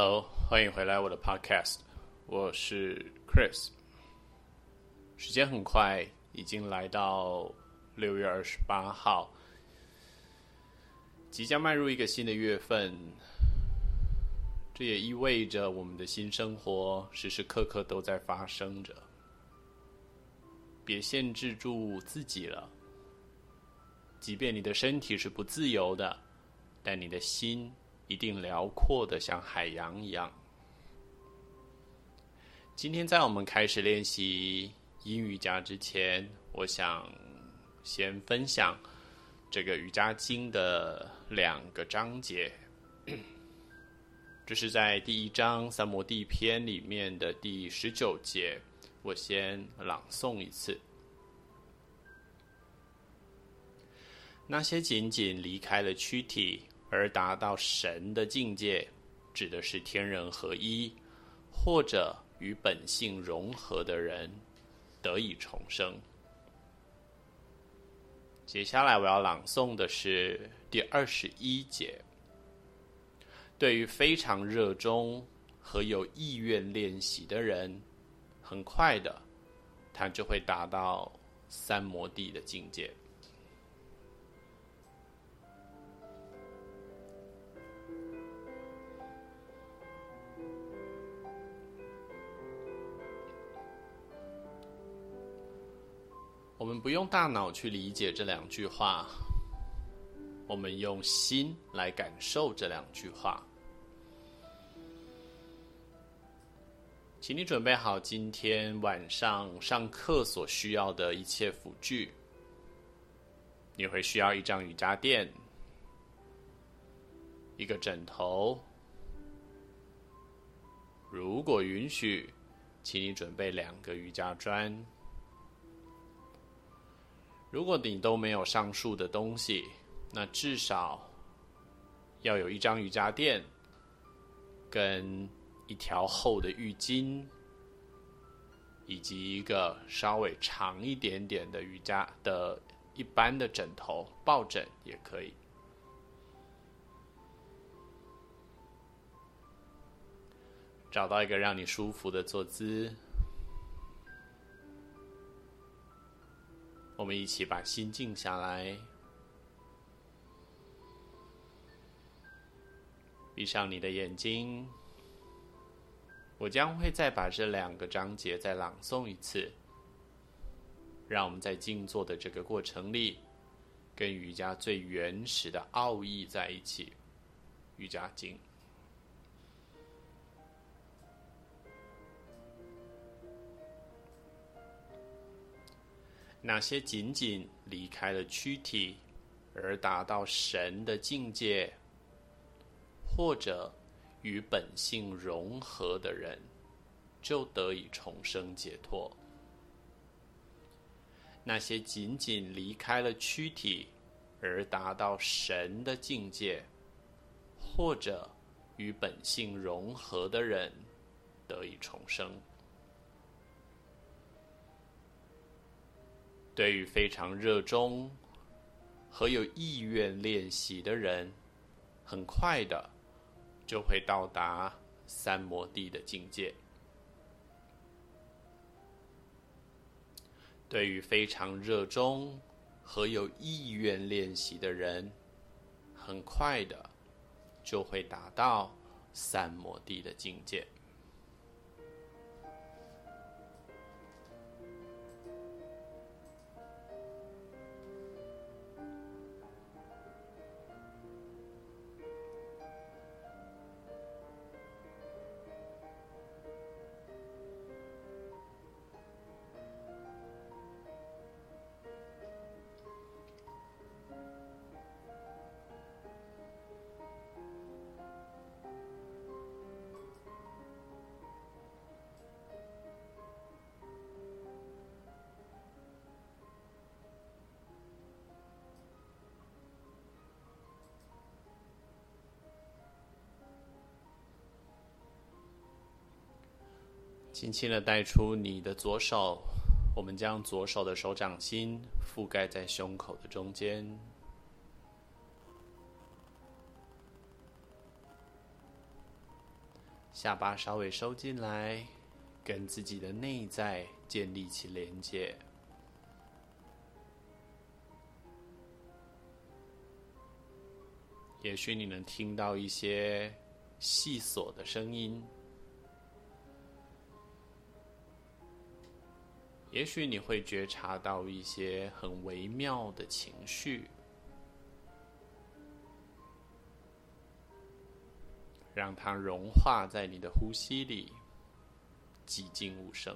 Hello，歡迎回來我的 Podcast，我是 Kris。時間很快，已經來到六月二十八號，即將邁入一個新的月份。這也意味着我們的新生活時時刻刻都在發生着。別限制住自己了，即便你的身體是不自由的，但你的心。一定遼闊的，像海洋一樣。今天在我們開始練習陰瑜伽之前，我想先分享這個瑜伽經的兩個章節。這是在第一章三摩地篇裡面的第十九節，我先朗誦一次。那些僅僅離開了軀體。而達到神的境界，指的是天人合一，或者與本性融合的人得以重生。接下來我要朗誦的是第二十一節。對於非常熱衷和有意願練習的人，很快的，他就會達到三摩地的境界。我們不用大腦去理解這兩句話，我們用心來感受這兩句話。請你準備好今天晚上上課所需要的一切輔具。你會需要一張瑜伽墊，一個枕頭。如果允許，請你準備兩個瑜伽磚。如果你都沒有上述的東西，那至少要有一張瑜伽墊，跟一條厚的浴巾，以及一個稍微長一點點的瑜伽的一般的枕頭、抱枕也可以。找到一個讓你舒服的坐姿。我們一起把心靜下來，閉上你的眼睛。我將會再把這兩個章節再朗誦一次，讓我們在靜坐的這個過程裡，跟瑜伽最原始的奧義在一起，《瑜伽經》。那些僅僅離開了軀體而達到神的境界，或者與本性融合的人，就得以重生解脫。那些僅僅離開了軀體而達到神的境界，或者與本性融合的人，得以重生。對於非常熱衷和有意願練習的人，很快的就會到達三摩地的境界。對於非常熱衷和有意願練習的人，很快的就會達到三摩地的境界。輕輕的帶出你的左手，我們將左手的手掌心覆蓋在胸口的中間，下巴稍微收進來，跟自己的內在建立起連接。也許你能聽到一些細瑣的聲音。也許你會覺察到一些很微妙的情緒，讓它融化在你的呼吸裡，寂靜無聲。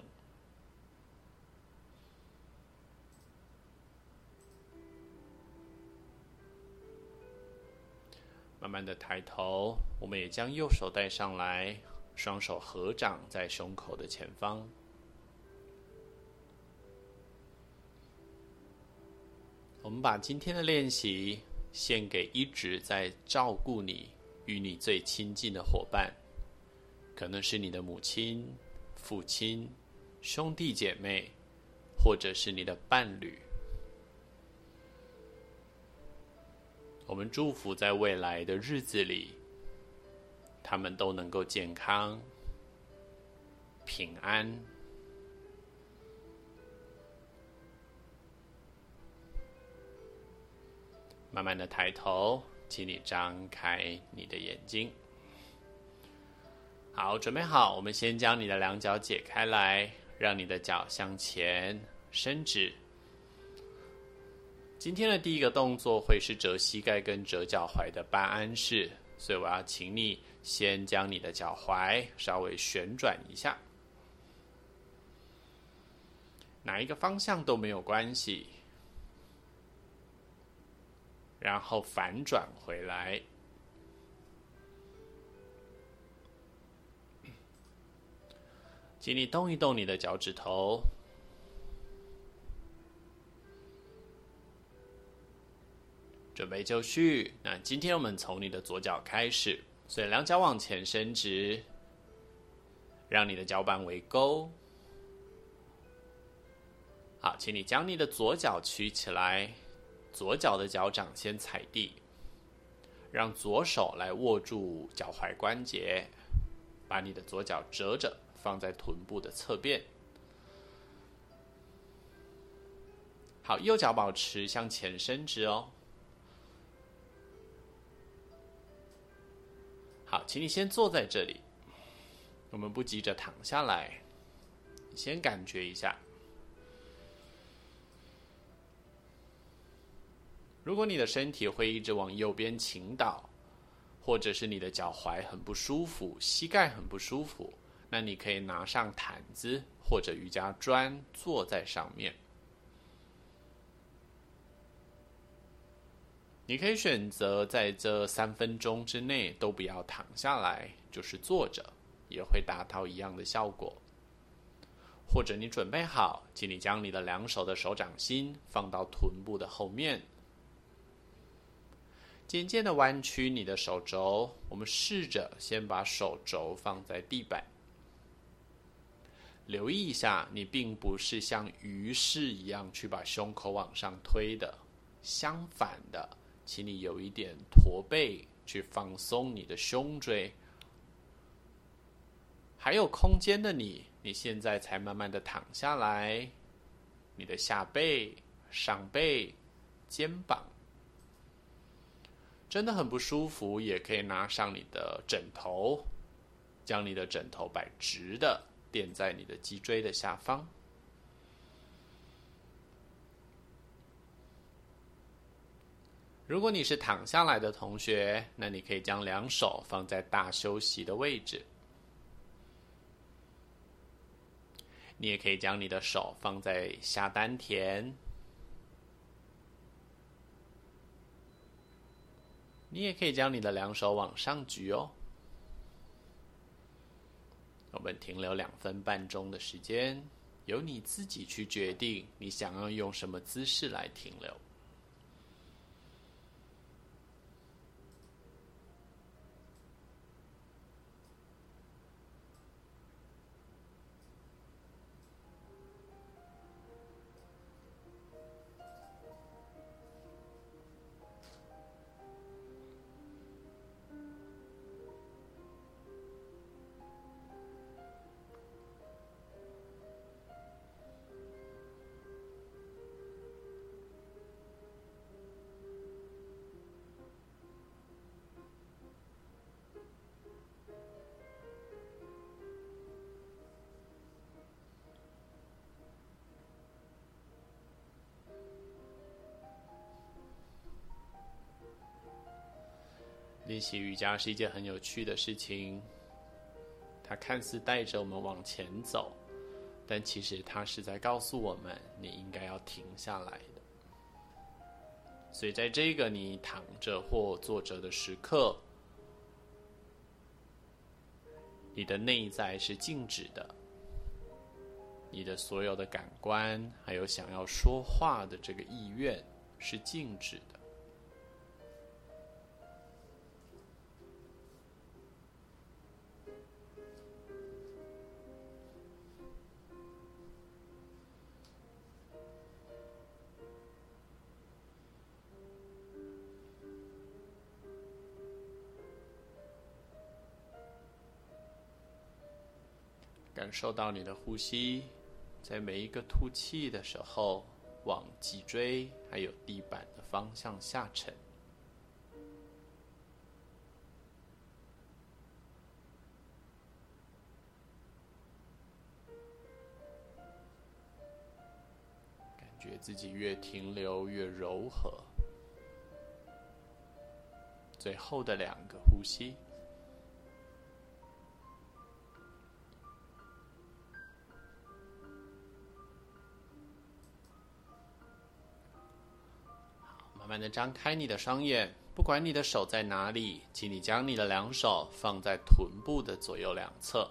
慢慢的抬頭，我們也將右手帶上來，雙手合掌在胸口的前方。我們把今天的練習獻給一直在照顧你、與你最親近的夥伴，可能是你的母親、父親、兄弟姐妹，或者是你的伴侶。我們祝福在未來的日子裡，他們都能夠健康、平安。慢慢的抬頭，請你張開你的眼睛。好，準備好，我們先將你的兩腳解開來，讓你的腳向前伸直。今天的第一個動作會是折膝蓋跟折腳踝的半鞍式，所以我要請你先將你的腳踝稍微旋轉一下，哪一個方向都沒有關係。然後反轉回來，請你動一動你的腳趾頭，準備就緒。那今天我們從你的左腳開始，所以兩腳往前伸直，讓你的腳板為勾。好，請你將你的左腳曲起來。左腳的腳掌先踩地，讓左手來握住腳踝關節，把你的左腳折着放在臀部的側邊。好，右腳保持向前伸直哦。好，請你先坐在這裡，我們不急着躺下來，先感覺一下。如果你的身體會一直往右邊傾倒，或者是你的腳踝很不舒服、膝蓋很不舒服，那你可以拿上毯子或者瑜伽磚坐在上面。你可以選擇在這三分鐘之內都不要躺下來，就是坐着，也會達到一樣的效果。或者你準備好，請你將你的兩手的手掌心放到臀部的後面。漸漸的彎曲你的手肘，我們試着先把手肘放在地板。留意一下，你並不是像魚式一樣去把胸口往上推的，相反的，請你有一點駝背，去放鬆你的胸椎。還有空間的你，你現在才慢慢的躺下來，你的下背、上背、肩膀。真的很不舒服，也可以拿上你的枕頭，將你的枕頭擺直的墊在你的脊椎的下方。如果你是躺下來的同學，那你可以將兩手放在大休息的位置。你也可以將你的手放在下丹田。你也可以將你的兩手往上舉哦。我們停留兩分半鐘的時間，由你自己去決定你想要用什麼姿勢來停留。練習瑜伽是一件很有趣的事情，它看似帶着我們往前走，但其實它是在告訴我們，你應該要停下來的，所以在這個你躺着或坐着的時刻，你的內在是靜止的，你的所有的感官，還有想要說話的這個意願是靜止的。受到你的呼吸，在每一個吐氣的時候，往脊椎還有地板的方向下沉，感覺自己越停留越柔和。最後的兩個呼吸。慢的張開你的雙眼，不管你的手在哪裡，請你將你的兩手放在臀部的左右兩側。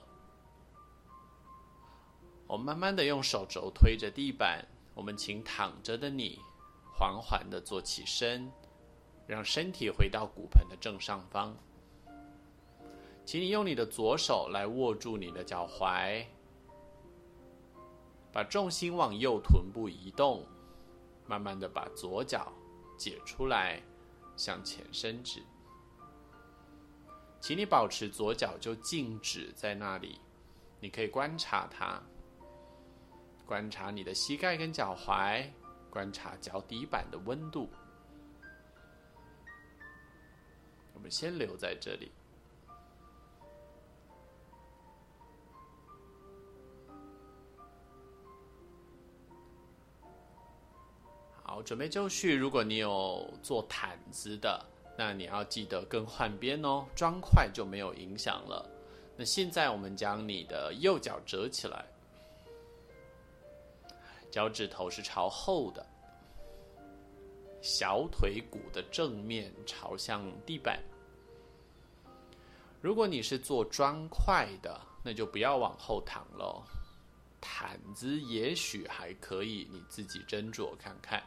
我慢慢的用手肘推着地板，我們請躺着的你緩緩的坐起身，讓身體回到骨盆的正上方。請你用你的左手來握住你的腳踝，把重心往右臀部移動，慢慢的把左腳。解出來，向前伸直。請你保持左腳就靜止在那裡，你可以觀察它，觀察你的膝蓋跟腳踝，觀察腳底板的溫度。我們先留在這裡。好，準備就緒。如果你有做毯子的，那你要記得更換邊哦。磚塊就沒有影響了。那現在我們將你的右腳折起來，腳趾頭是朝後的，小腿骨的正面朝向地板。如果你是做磚塊的，那就不要往後躺了。毯子也許還可以，你自己斟酌看看。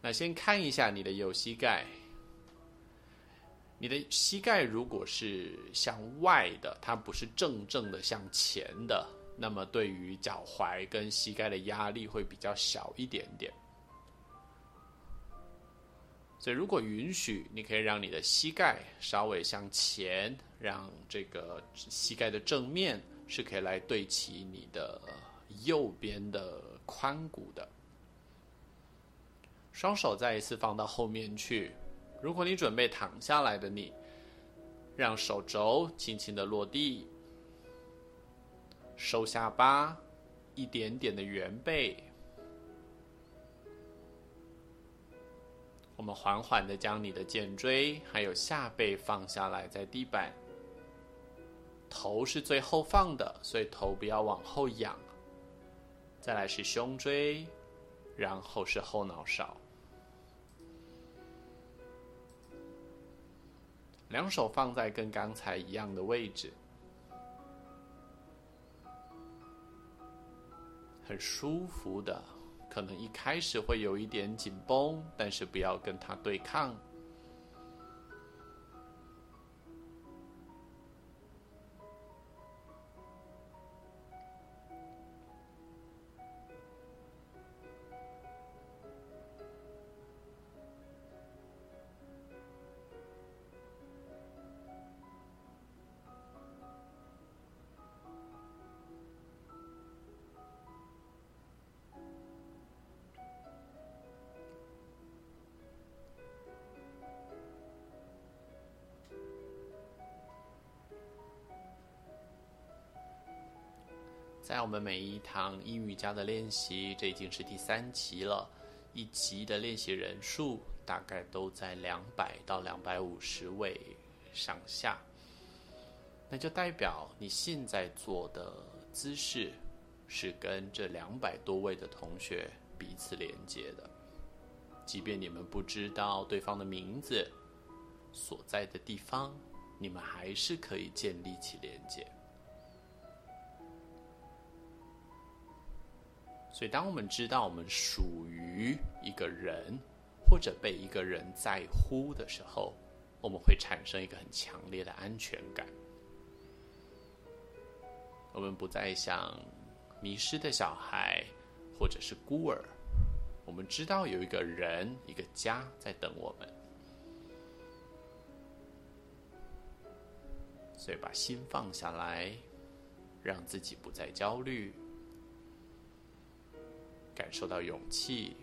那先看一下你的右膝蓋，你的膝蓋如果是向外的，它不是正正的向前的，那麼對於腳踝跟膝蓋的壓力會比較小一點點。所以如果允許，你可以讓你的膝蓋稍微向前，讓這個膝蓋的正面是可以來對齊你的右邊的髖骨的。雙手再一次放到後面去。如果你準備躺下來的你，你讓手肘輕輕的落地，收下巴，一點點的圓背。我們緩緩的將你的脊椎還有下背放下來在地板。頭是最後放的，所以頭不要往後仰。再來是胸椎，然後是後腦勺。兩手放在跟剛才一樣的位置，很舒服的，可能一開始會有一點緊繃，但是不要跟它對抗。像我們每一堂陰瑜伽的練習，這已經是第三集了，一集的練習人數大概都在兩百到兩百五十位上下。那就代表你現在做的姿勢，是跟這兩百多位的同學彼此連接的，即便你們不知道對方的名字、所在的地方，你們還是可以建立起連接。所以，當我們知道我們屬於一個人，或者被一個人在乎的時候，我們會產生一個很強烈的安全感。我們不再像迷失的小孩，或者是孤兒。我們知道有一個人、一個家在等我們。所以，把心放下來，讓自己不再焦慮。感受到勇氣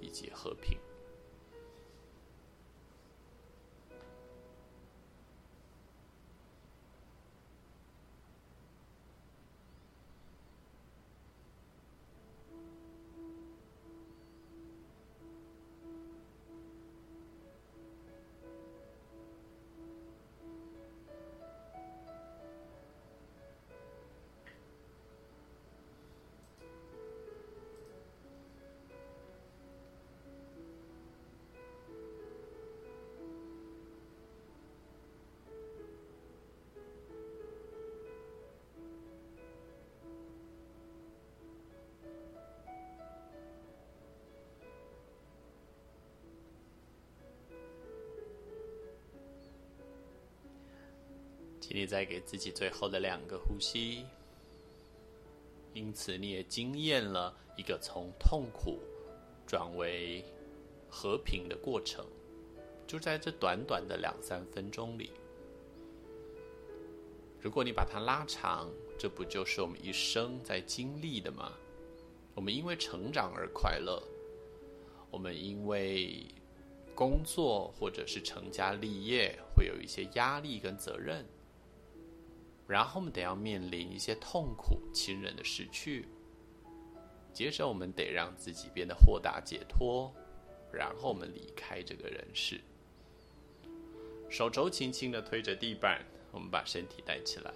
以及和平。請你再給自己最後的兩個呼吸，因此你也經驗了一個從痛苦轉為和平的過程。就在這短短的兩三分鐘裡，如果你把它拉長，這不就是我們一生在經歷的嗎？我們因為成長而快樂，我們因為工作或者是成家立業會有一些壓力跟責任。然後我們得要面臨一些痛苦，親人的逝去。接着我們得讓自己變得豁達解脫，然後我們離開這個人世。手肘輕輕的推着地板，我們把身體帶起來。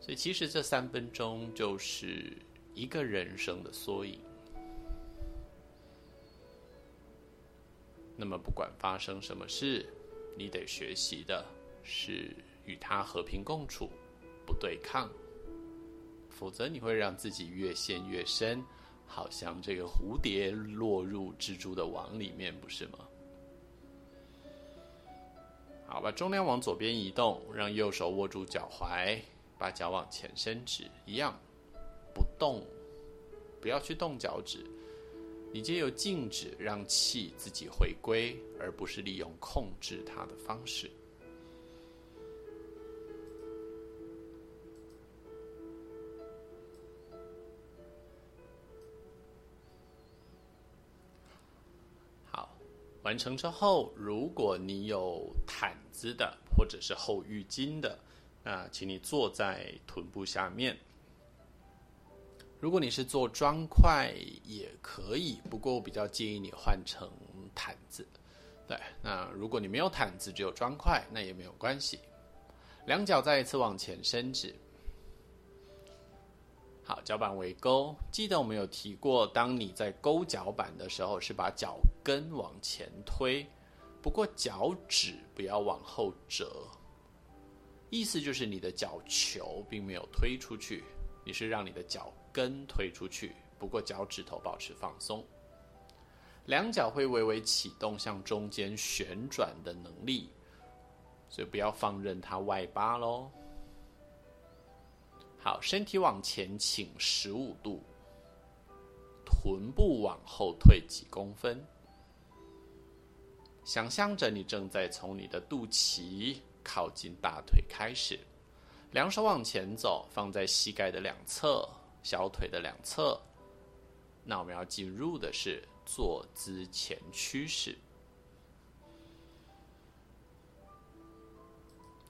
所以其實這三分鐘就是一個人生的縮影。那麼不管發生什麼事，你得學習的是。與它和平共處，不對抗，否則你會讓自己越陷越深，好像這個蝴蝶落入蜘蛛的網裡面，不是嗎？好吧，把重量往左邊移動，讓右手握住腳踝，把腳往前伸直，一樣不動，不要去動腳趾，你只有靜止，讓氣自己回歸，而不是利用控制它的方式。完成之後，如果你有毯子的，或者是厚浴巾的，那請你坐在臀部下面。如果你是做磚塊也可以，不過我比較建議你換成毯子。對，那如果你沒有毯子，只有磚塊，那也沒有關係。兩腳再一次往前伸直。好，腳板為勾。記得我們有提過，當你在勾腳板的時候，是把腳跟往前推，不過腳趾不要往後折。意思就是你的腳球並沒有推出去，你是讓你的腳跟推出去，不過腳趾頭保持放鬆。兩腳會微微啟動向中間旋轉的能力，所以不要放任它外八嘍。好，身體往前傾十五度，臀部往後退幾公分。想象着你正在從你的肚臍靠近大腿開始，兩手往前走，放在膝蓋的兩側、小腿的兩側。那我們要進入的是坐姿前屈式。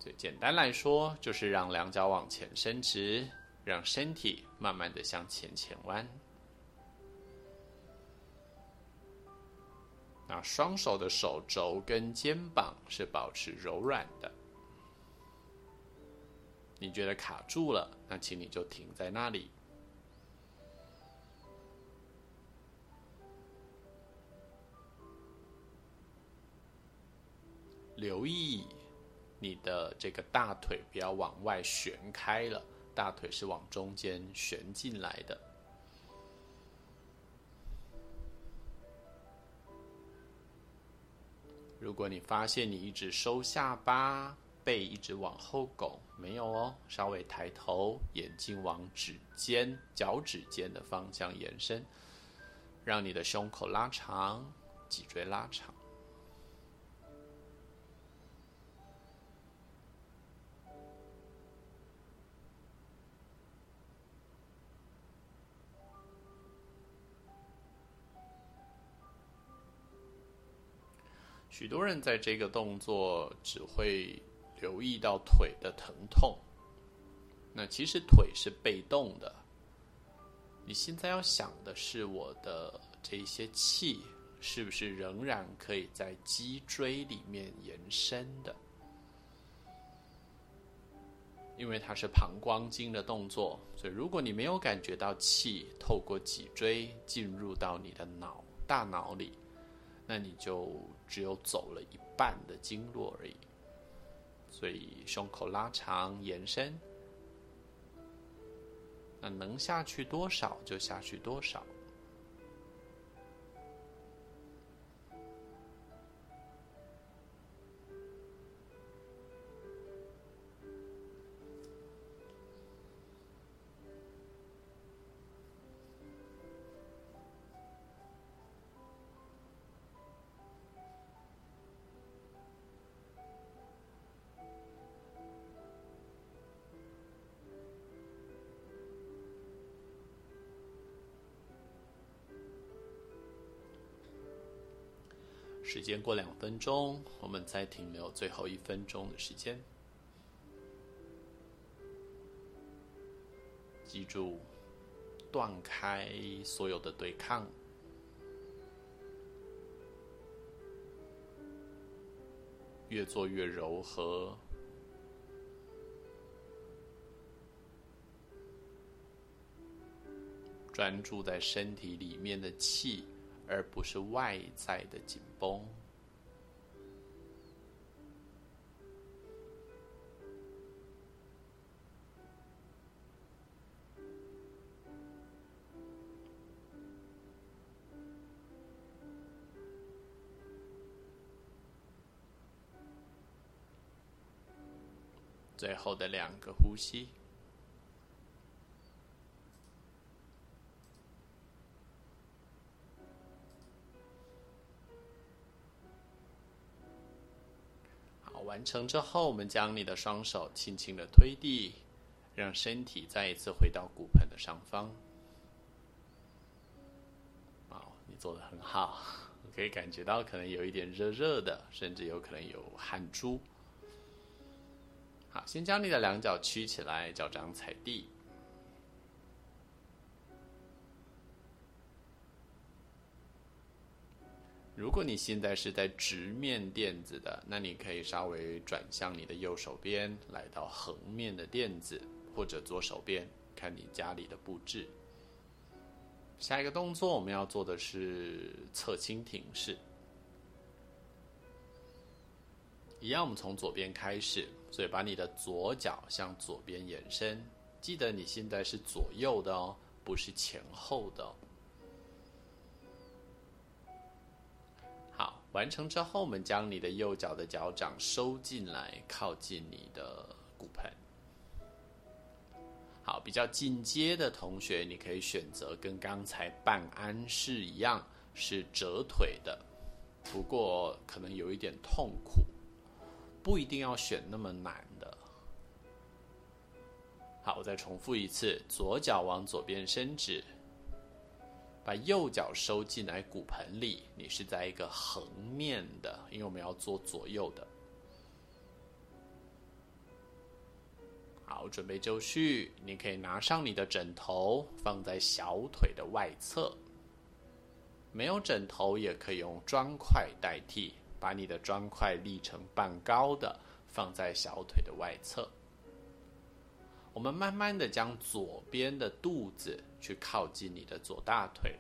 最簡單來說，就是讓兩腳往前伸直，讓身體慢慢的向前前彎。那雙手的手肘跟肩膀是保持柔軟的。你覺得卡住了，那請你就停在那裡。留意。你的這個大腿不要往外旋開了，大腿是往中間旋進來的。如果你發現你一直收下巴，背一直往後拱，沒有哦，稍微抬頭，眼睛往指尖、腳趾尖的方向延伸，讓你的胸口拉長，脊椎拉長。許多人在這個動作只會留意到腿的疼痛，那其實腿是被動的。你現在要想的是，我的這些氣是不是仍然可以在脊椎裡面延伸的？因為它是膀胱經的動作，所以如果你沒有感覺到氣透過脊椎進入到你的腦大腦裡，那你就只有走了一半的經絡而已，所以胸口拉長延伸，那能下去多少就下去多少。時間過兩分鐘，我們再停留最後一分鐘的時間。記住，斷開所有的對抗，越做越柔和，專注在身體裡面的氣。而不是外在的緊繃。最後的兩個呼吸。完成之後，我們將你的雙手輕輕的推地，讓身體再一次回到骨盆的上方。好，哦，你做的很好，可以感覺到可能有一點熱熱的，甚至有可能有汗珠。好，先將你的兩腳屈起來，腳掌踩地。如果你現在是在直面墊子的，那你可以稍微轉向你的右手邊，來到橫面的墊子，或者左手邊，看你家裡的布置。下一個動作我們要做的是側蜻蜓式，一樣我們從左邊開始，所以把你的左腳向左邊延伸，記得你現在是左右的哦，不是前後的。完成之後，我們將你的右腳的腳掌收進來，靠近你的骨盆。好，比較進階的同學，你可以選擇跟剛才半鞍式一樣，是折腿的，不過可能有一點痛苦，不一定要選那麼難的。好，我再重複一次，左腳往左邊伸直。把右腳收進來骨盆裡，你是在一個橫面的，因為我們要做左右的。好，準備就緒，你可以拿上你的枕頭放在小腿的外側，沒有枕頭也可以用磚塊代替，把你的磚塊立成半高的放在小腿的外側。我們慢慢的將左邊的肚子。去靠近你的左大腿，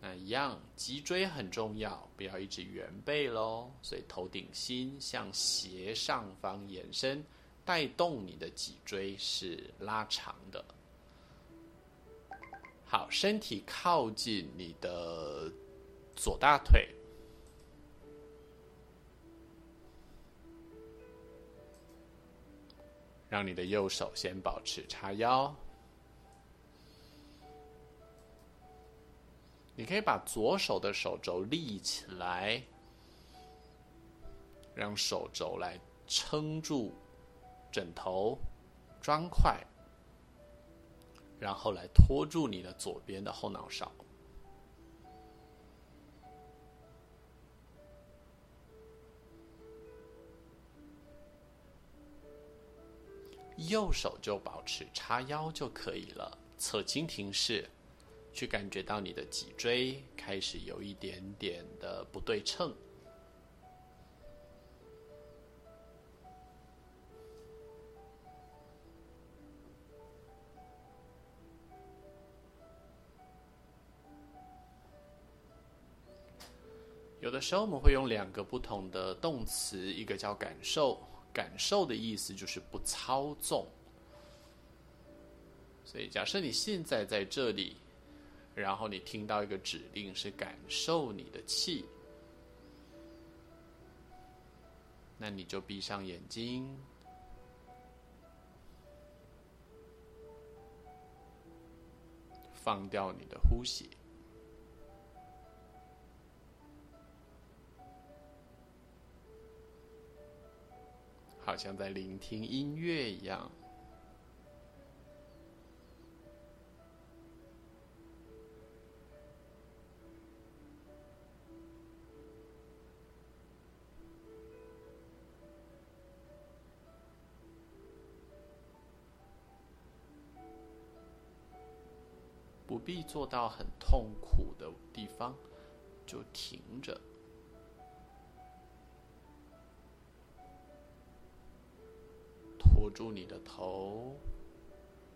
那一樣，脊椎很重要，不要一直圓背咯，所以頭頂心向斜上方延伸，帶動你的脊椎是拉長的。好，身體靠近你的左大腿，讓你的右手先保持叉腰。你可以把左手的手肘立起來，讓手肘來撐住枕頭、磚塊，然後來托住你的左邊的後腦勺。右手就保持叉腰就可以了，側蜻蜓式。去感覺到你的脊椎開始有一點點的不對稱。有的時候我們會用兩個不同的動詞，一個叫“感受”，“感受”的意思就是不操縱。所以，假設你現在在這裡。然後你聽到一個指令是感受你的氣，那你就閉上眼睛，放掉你的呼吸，好像在聆聽音樂一樣。不必做到很痛苦的地方，就停着，拖住你的頭，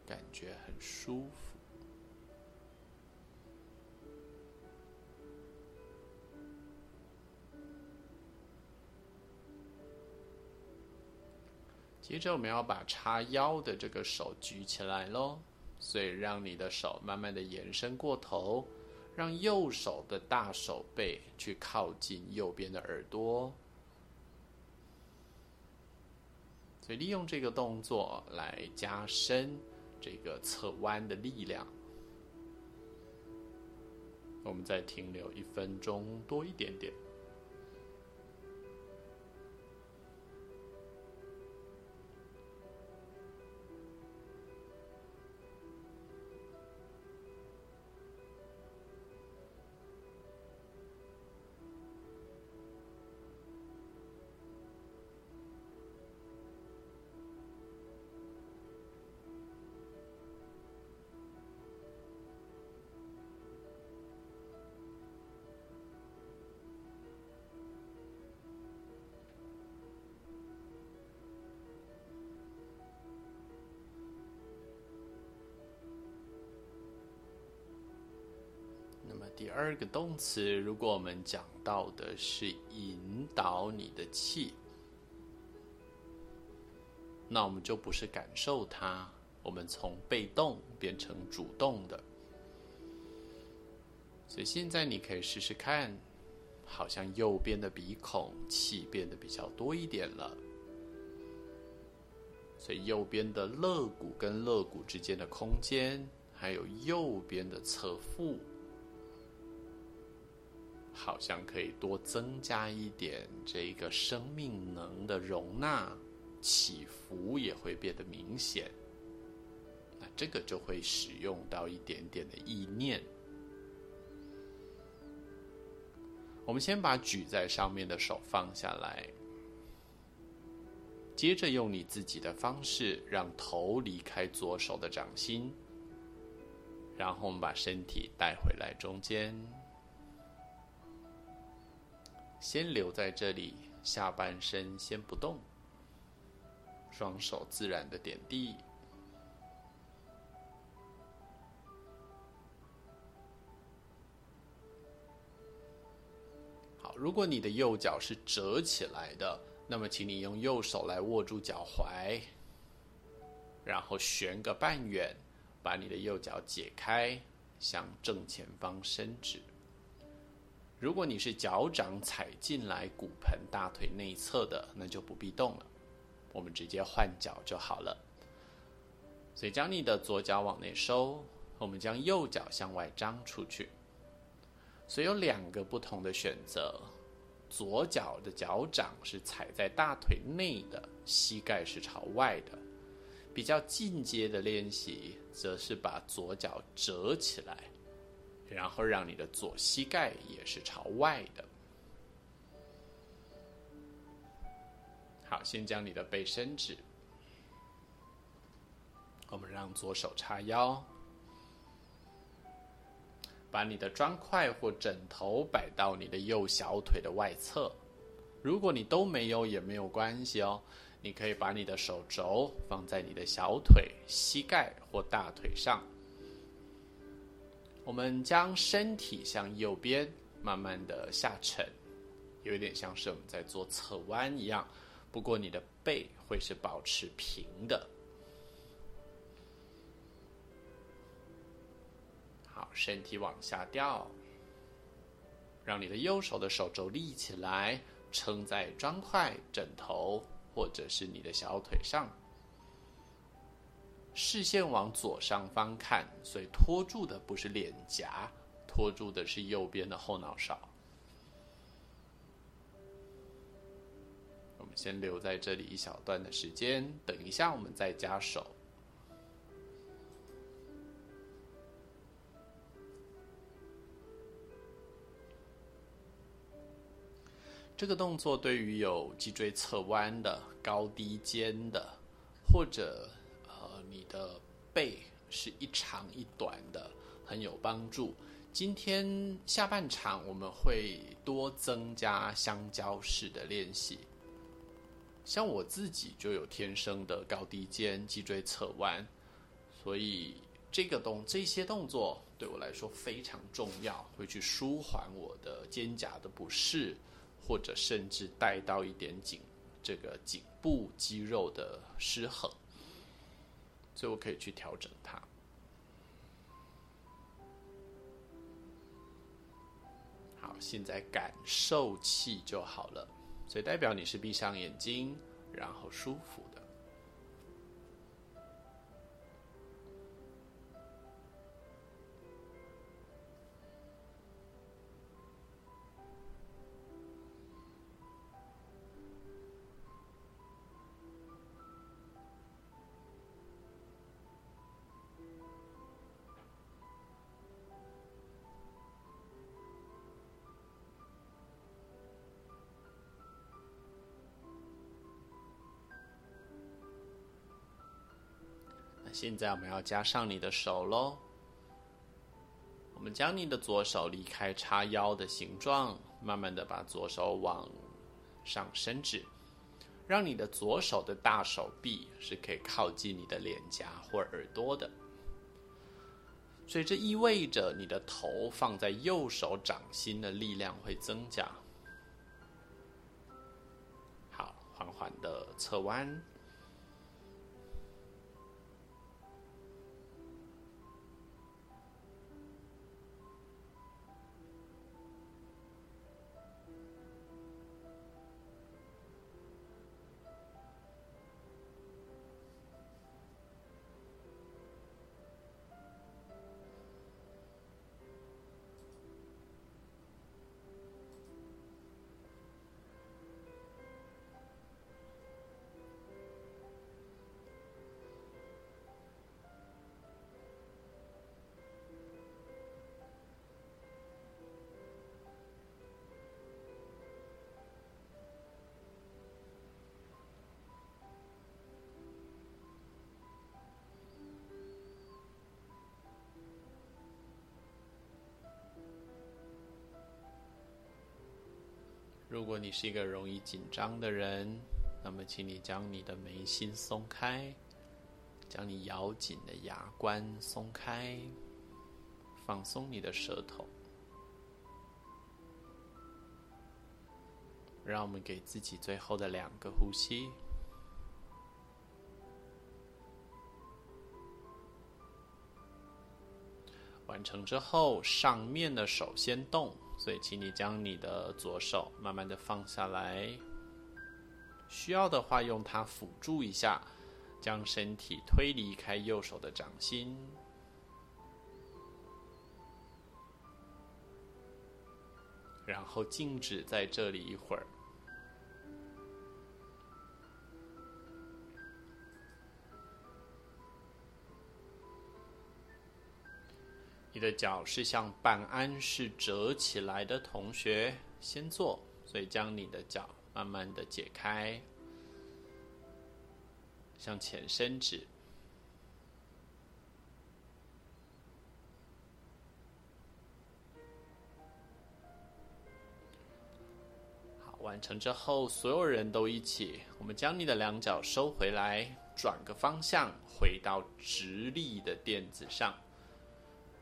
感覺很舒服。接着，我們要把叉腰的這個手舉起來嘍。所以，讓你的手慢慢的延伸過頭，讓右手的大手背去靠近右邊的耳朵。所以，利用這個動作來加深這個側彎的力量。我們再停留一分鐘多一點點。第二個動詞，如果我們講到的是引導你的氣，那我們就不是感受它，我們從被動變成主動的。所以現在你可以試試看，好像右邊的鼻孔氣變得比較多一點了。所以右邊的肋骨跟肋骨之間的空間，還有右邊的側腹，好像可以多增加一點這個生命能的容納，起伏也會變得明顯。那這個就會使用到一點點的意念。我們先把舉在上面的手放下來，接着用你自己的方式讓頭離開左手的掌心，然後我們把身體帶回來中間。先留在這裡，下半身先不動，雙手自然的點地。好，如果你的右腳是折起來的，那麼請你用右手來握住腳踝，然後旋個半圓，把你的右腳解開，向正前方伸直。如果你是腳掌踩進來骨盆大腿內側的，那就不必動了，我們直接換腳就好了。所以將你的左腳往內收，我們將右腳向外張出去。所以有兩個不同的選擇：左腳的腳掌是踩在大腿內的，膝蓋是朝外的；比較進階的練習，則是把左腳折起來。然後讓你的左膝蓋也是朝外的。好，先將你的背伸直。我們讓左手叉腰，把你的磚塊或枕頭擺到你的右小腿的外側。如果你都沒有也沒有關係哦，你可以把你的手肘放在你的小腿、膝蓋或大腿上。我們將身體向右邊慢慢的下沉，有一點像是我們在做側彎一樣，不過你的背會是保持平的。好，身體往下掉，讓你的右手的手肘立起來，撐在磚塊、枕頭或者是你的小腿上。視線往左上方看，所以托住的不是臉頰，托住的是右邊的後腦勺。我們先留在這裡一小段的時間，等一下我們再加手。這個動作對於有脊椎側彎的、高低肩的，或者……你的背是一長一短的，很有幫助。今天下半場我們會多增加香蕉式的練習。像我自己就有天生的高低肩、脊椎側彎，所以這個動，這些動作對我來說非常重要，會去舒緩我的肩胛的不適，或者甚至帶到一點頸，這個頸部肌肉的失衡。所以我可以去調整它。好，現在感受氣就好了，所以代表你是閉上眼睛，然後舒服。現在我們要加上你的手嘍。我們將你的左手離開叉腰的形狀，慢慢的把左手往上伸直，讓你的左手的大手臂是可以靠近你的臉頰或耳朵的。所以這意味着你的頭放在右手掌心的力量會增加。好，緩緩的側彎。如果你是一個容易緊張的人，那麼請你將你的眉心鬆開，將你咬緊的牙關鬆開，放鬆你的舌頭。讓我們給自己最後的兩個呼吸。完成之後，上面的手先動。所以，請你將你的左手慢慢的放下來。需要的話，用它輔助一下，將身體推離開右手的掌心，然後靜止在這裡一會兒。你的腳是像半鞍式折起來的同學先做，所以將你的腳慢慢的解開，向前伸直。好，完成之後，所有人都一起，我們將你的兩腳收回來，轉個方向，回到直立的墊子上。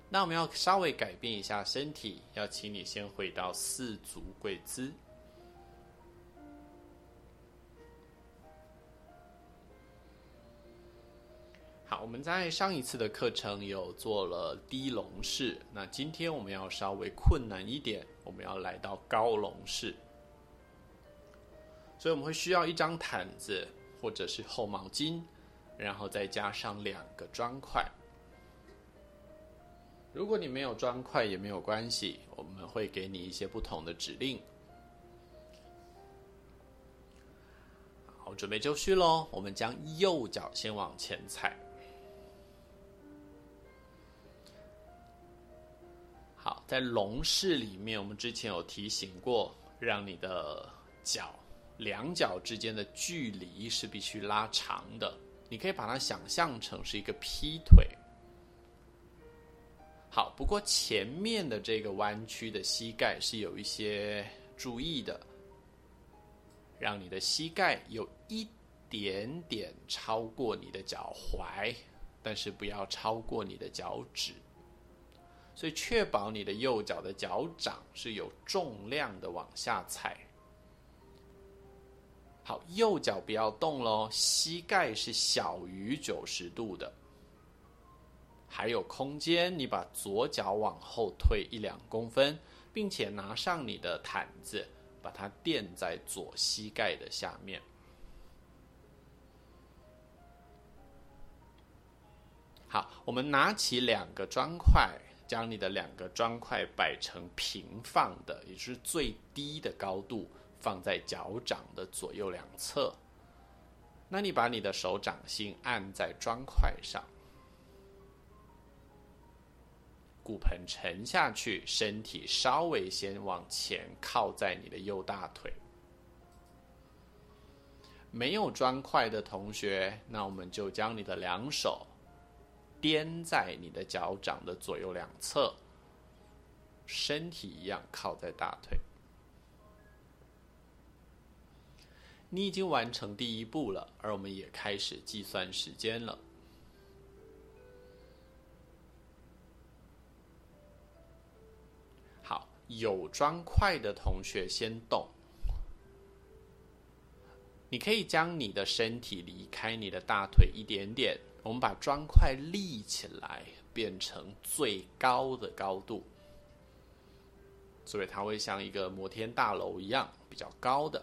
那我們要稍微改變一下身體，要請你先回到四足跪姿。好，我們在上一次的課程有做了低龍式，那今天我們要稍微困難一點，我們要來到高龍式。所以我們會需要一張毯子或者是厚毛巾，然後再加上兩個磚塊。如果你沒有磚塊也沒有關係，我們會給你一些不同的指令。好，準備就緒咯，我們將右腳先往前踩。好，在龍式裡面，我們之前有提醒過，讓你的腳兩腳之間的距離是必須拉長的，你可以把它想象成是一個劈腿。好，不過前面的這個彎曲的膝蓋是有一些注意的，讓你的膝蓋有一點點超過你的腳踝，但是不要超過你的腳趾，所以確保你的右腳的腳掌是有重量的往下踩。好，右腳不要動嘍，膝蓋是小於90度的。還有空間，你把左腳往後退一兩公分，並且拿上你的毯子，把它墊在左膝蓋的下面。好，我們拿起兩個磚塊，將你的兩個磚塊擺成平放的，也就是最低的高度，放在腳掌的左右兩側。那你把你的手掌心按在磚塊上。骨盆沉下去，身體稍微先往前靠在你的右大腿。沒有磚塊的同學，那我們就將你的兩手墊在你的腳掌的左右兩側，身體一樣靠在大腿。你已經完成第一步了，而我們也開始計算時間了。有磚塊的同學先動，你可以將你的身體離開你的大腿一點點。我們把磚塊立起來，變成最高的高度，所以它會像一個摩天大樓一樣比較高的，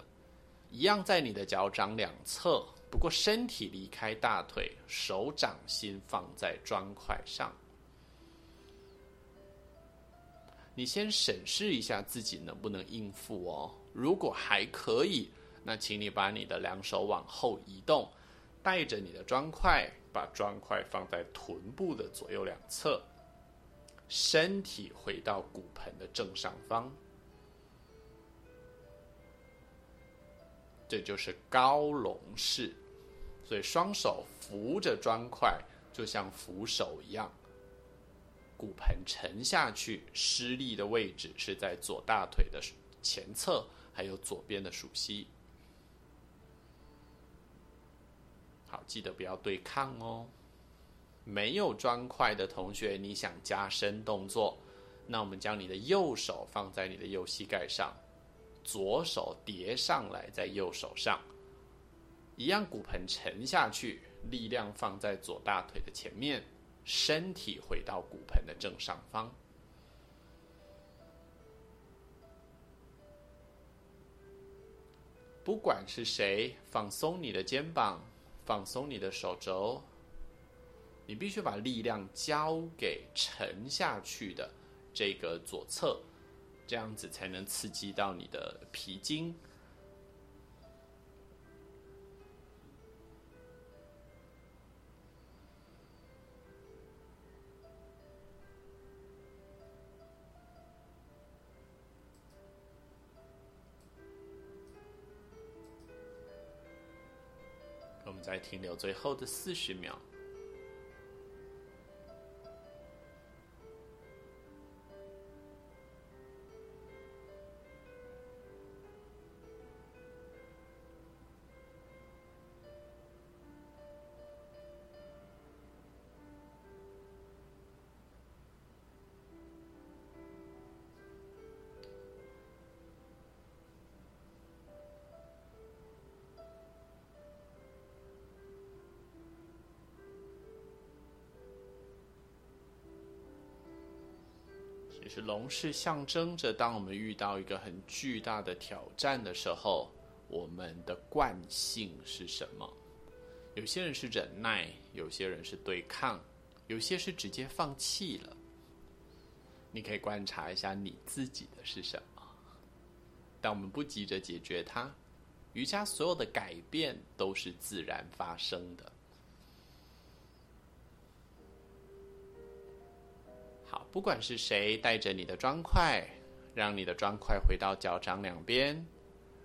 一樣在你的腳掌兩側。不過身體離開大腿，手掌心放在磚塊上。你先審視一下自己能不能應付哦。如果還可以，那請你把你的兩手往後移動，帶着你的磚塊，把磚塊放在臀部的左右兩側，身體回到骨盆的正上方，這就是高龍式。所以雙手扶着磚塊，就像扶手一樣。骨盆沉下去，施力的位置是在左大腿的前側，還有左邊的鼠蹊。好，記得不要對抗哦。沒有磚塊的同學，你想加深動作，那我們將你的右手放在你的右膝蓋上，左手疊上來在右手上，一樣骨盆沉下去，力量放在左大腿的前面。身體回到骨盆的正上方，不管是誰，放鬆你的肩膀，放鬆你的手肘，你必須把力量交給沉下去的這個左側，這樣子才能刺激到你的脾經。再停留最後的四十秒。也是龍式，是象徵着當我們遇到一個很巨大的挑戰的時候，我們的慣性是什麼？有些人是忍耐，有些人是對抗，有些是直接放棄了。你可以觀察一下你自己的是什麼。但我們不急着解決它，瑜伽所有的改變都是自然發生的。不管是誰帶着你的磚塊，讓你的磚塊回到腳掌兩邊，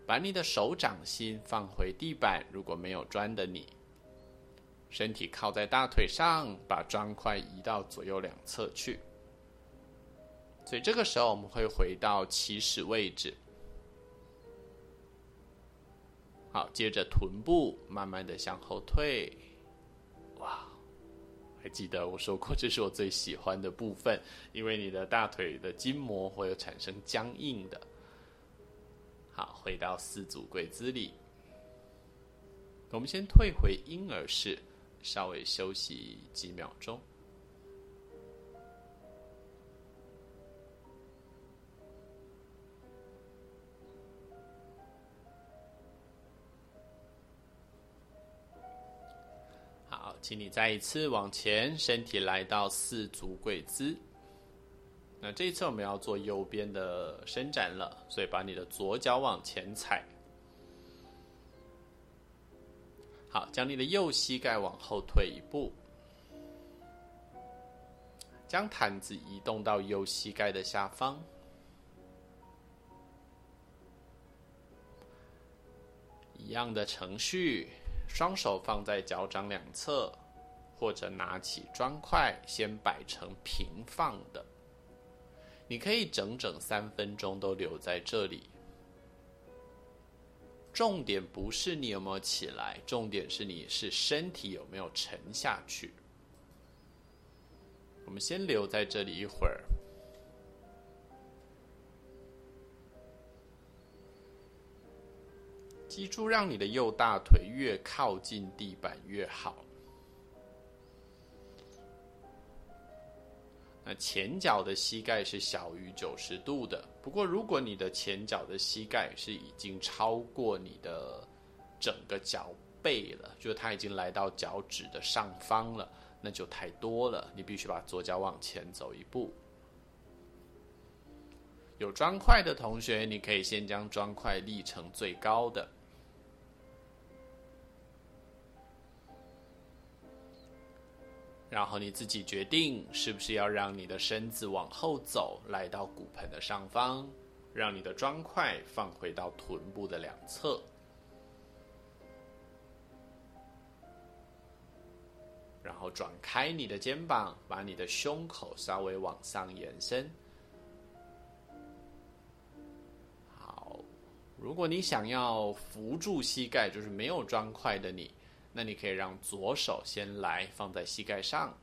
把你的手掌心放回地板。如果沒有磚的你，身體靠在大腿上，把磚塊移到左右兩側去。所以這個時候我們會回到起始位置。好，接着臀部慢慢的向後退。還記得我說過，這是我最喜歡的部分，因為你的大腿的筋膜會有產生僵硬的。好，回到四足跪姿裡，我們先退回嬰兒式，稍微休息幾秒鐘。請你再一次往前，身體來到四足跪姿。那這一次我們要做右邊的伸展了，所以把你的左腳往前踩。好，將你的右膝蓋往後退一步，將毯子移動到右膝蓋的下方，一樣的程序。雙手放在腳掌兩側，或者拿起磚塊，先擺成平放的。你可以整整三分鐘都留在這裡。重點不是你有沒有起來，重點是你是身體有沒有沉下去。我們先留在這裡一會兒。記住，讓你的右大腿越靠近地板越好。那前腳的膝蓋是小於九十度的。不過，如果你的前腳的膝蓋是已經超過你的整個腳背了，就它已經來到腳趾的上方了，那就太多了。你必須把左腳往前走一步。有磚塊的同學，你可以先將磚塊立成最高的。然後你自己決定是不是要讓你的身子往後走，來到骨盆的上方，讓你的磚塊放回到臀部的兩側，然後轉開你的肩膀，把你的胸口稍微往上延伸。好，如果你想要扶住膝蓋，就是沒有磚塊的你。那你可以讓左手先來放在膝蓋上，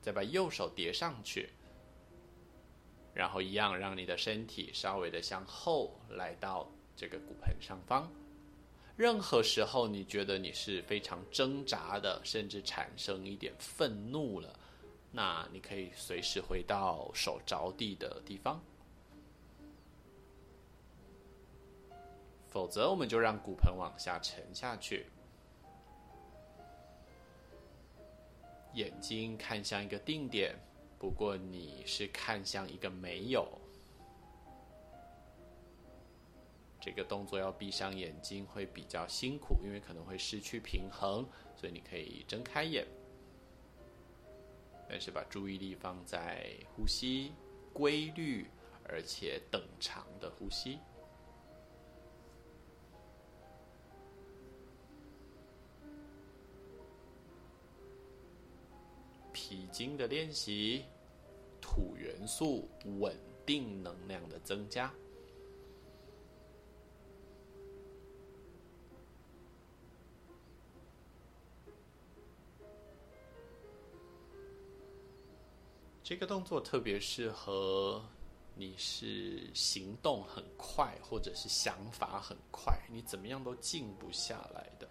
再把右手疊上去，然後一樣讓你的身體稍微的向後來到這個骨盆上方。任何時候你覺得你是非常掙扎的，甚至產生一點憤怒了，那你可以隨時回到手着地的地方。否則，我們就讓骨盆往下沉下去。眼睛看向一個定點，不過你是看向一個沒有。這個動作要閉上眼睛會比較辛苦，因為可能會失去平衡，所以你可以睜開眼。但是把注意力放在呼吸，規律而且等長的呼吸。靜的練習，土元素穩定能量的增加。這個動作特別適合你是行動很快，或者是想法很快，你怎麼樣都靜不下來的。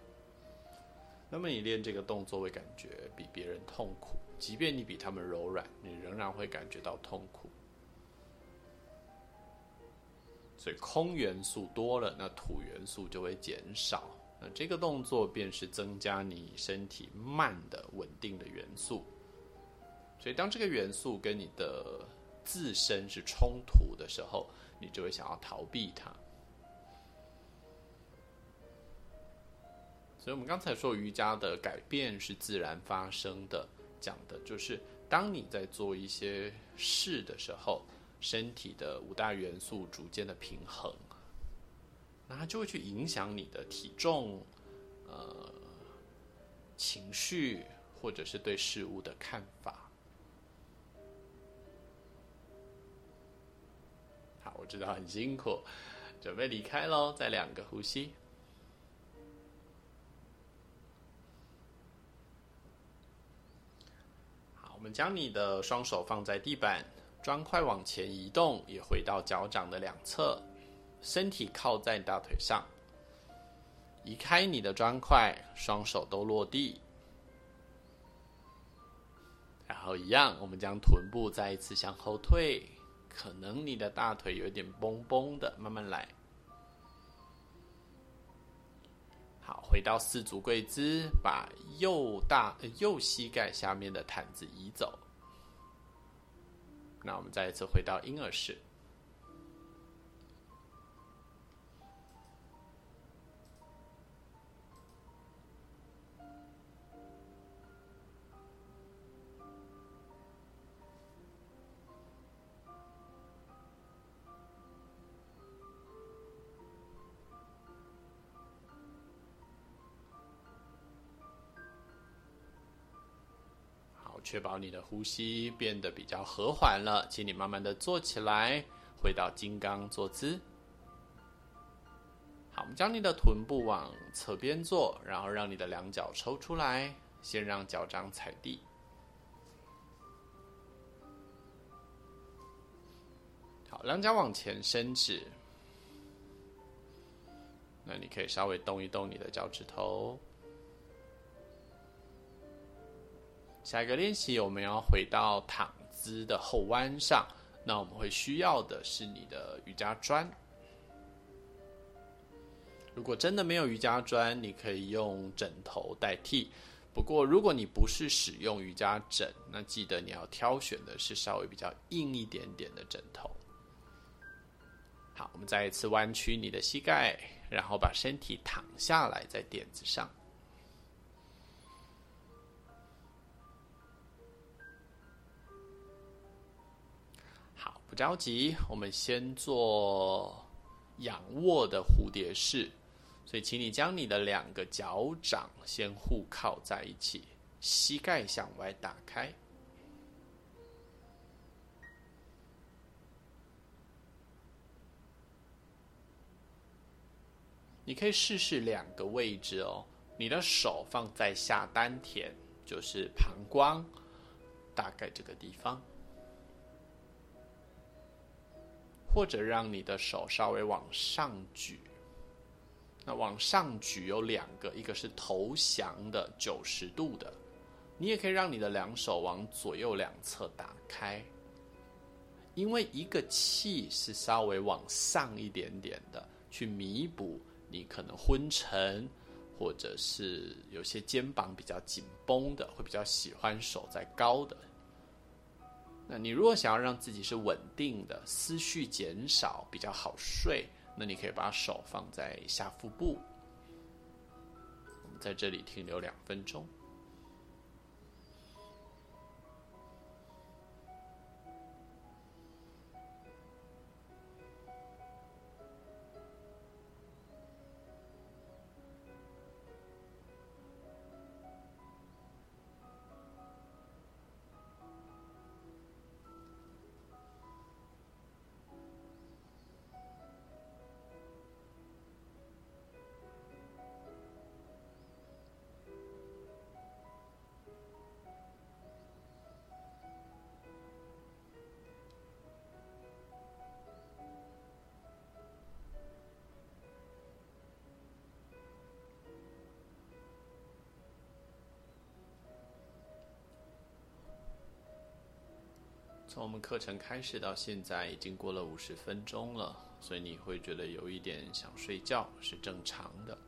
那麼你練這個動作會感覺比別人痛苦。即便你比他們柔軟，你仍然會感覺到痛苦。所以空元素多了，那土元素就會減少。那這個動作便是增加你身體慢的穩定的元素。所以當這個元素跟你的自身是衝突的時候，你就會想要逃避它。所以我們剛才說，瑜伽的改變是自然發生的。講的就是，當你在做一些事的時候，身體的五大元素逐漸的平衡，那它就會去影響你的體重、呃情緒或者是對事物的看法。好，我知道很辛苦，準備離開咯，再兩個呼吸。我們將你的雙手放在地板，磚塊往前移動，也回到腳掌的兩側，身體靠在大腿上，移開你的磚塊，雙手都落地，然後一樣，我們將臀部再一次向後退，可能你的大腿有點繃繃的，慢慢來。好，回到四足跪姿，把右大、呃、右膝蓋下面的毯子移走。那我們再一次回到嬰兒式。確保你的呼吸變得比較和緩了，請你慢慢的坐起來，回到金剛坐姿。好，我們將你的臀部往側邊坐，然後讓你的兩腳抽出來，先讓腳掌踩地。好，兩腳往前伸直。那你可以稍微動一動你的腳趾頭。下一個練習，我們要回到躺姿的後彎上。那我們會需要的是你的瑜伽磚。如果真的沒有瑜伽磚，你可以用枕頭代替。不過，如果你不是使用瑜伽枕，那記得你要挑選的是稍微比較硬一點點的枕頭。好，我們再一次彎曲你的膝蓋，然後把身體躺下來在墊子上。不着急，我們先做仰臥的蝴蝶式。所以，請你將你的兩個腳掌先互靠在一起，膝蓋向外打開。你可以試試兩個位置哦。你的手放在下丹田，就是膀胱，大概這個地方。或者讓你的手稍微往上舉，那往上舉有兩個，一個是投降的九十度的，你也可以讓你的兩手往左右兩側打開，因為一個氣是稍微往上一點點的，去彌補你可能昏沉，或者是有些肩膀比較緊繃的，會比較喜歡手在高的。那你如果想要讓自己是穩定的，思緒減少，比較好睡，那你可以把手放在下腹部。我們在這裡停留兩分鐘。我們課程開始到現在已經過了五十分鐘了，所以你會覺得有一點想睡覺是正常的。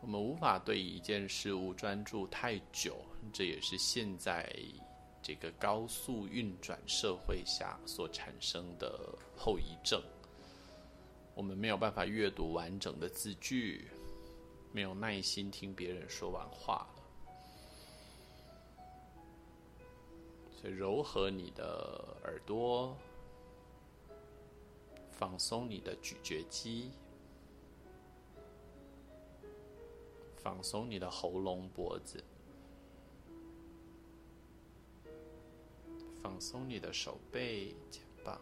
我們無法對一件事物專注太久，這也是現在這個高速運轉社會下所產生的後遺症。我們沒有辦法閱讀完整的字句，沒有耐心聽別人說完話。所以，柔和你的耳朵，放鬆你的咀嚼肌，放鬆你的喉嚨、脖子，放鬆你的手背、肩膀，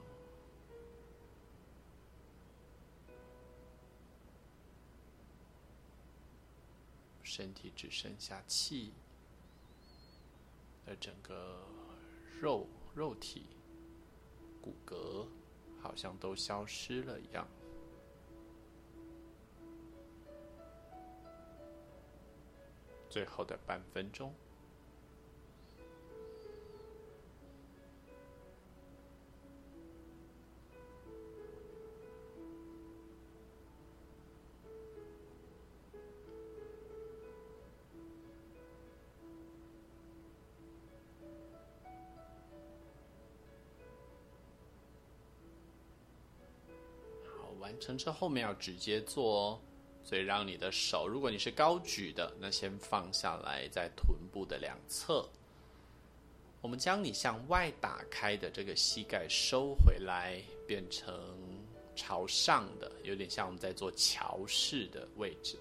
身體只剩下氣，而整個，肉、肉體、骨骼，好像都消失了一樣。最後的半分鐘。乘車後面要直接坐哦，所以讓你的手，如果你是高舉的，那先放下來，在臀部的兩側。我們將你向外打開的這個膝蓋收回來，變成朝上的，有點像我們在做橋式的位置。